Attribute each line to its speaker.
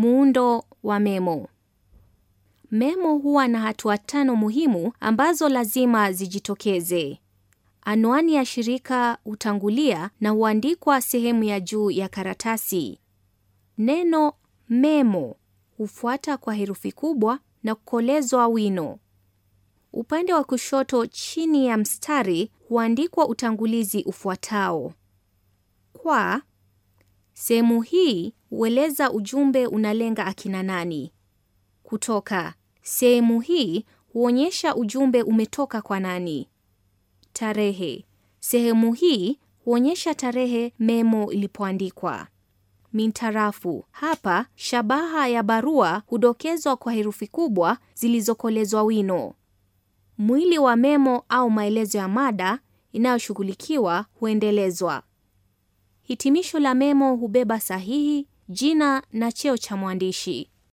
Speaker 1: Muundo wa memo. Memo huwa na hatua tano muhimu ambazo lazima zijitokeze. Anwani ya shirika hutangulia na huandikwa sehemu ya juu ya karatasi. Neno memo hufuata kwa herufi kubwa na kukolezwa wino. Upande wa kushoto chini ya mstari huandikwa utangulizi ufuatao. Kwa sehemu hii Hueleza ujumbe unalenga akina nani. Kutoka sehemu hii huonyesha ujumbe umetoka kwa nani. Tarehe. Sehemu hii huonyesha tarehe memo ilipoandikwa. Mintarafu. Hapa shabaha ya barua hudokezwa kwa herufi kubwa zilizokolezwa wino. Mwili wa memo au maelezo ya mada inayoshughulikiwa huendelezwa. Hitimisho la memo hubeba sahihi, jina na cheo cha
Speaker 2: mwandishi.